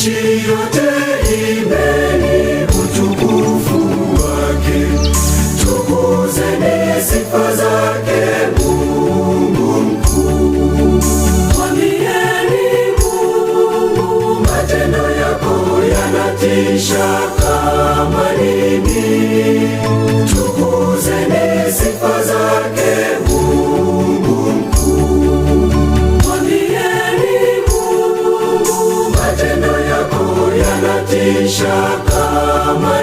nchi yote imeni utukufu wake, tukuzeni sifa zake Mungu mkuu. Mwambieni Mungu matendo yako yanatisha kama nini, tukuzeni sifa maisha kama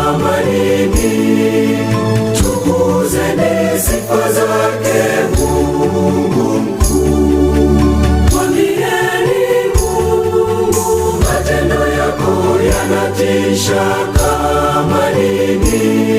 yanatisha kama nini.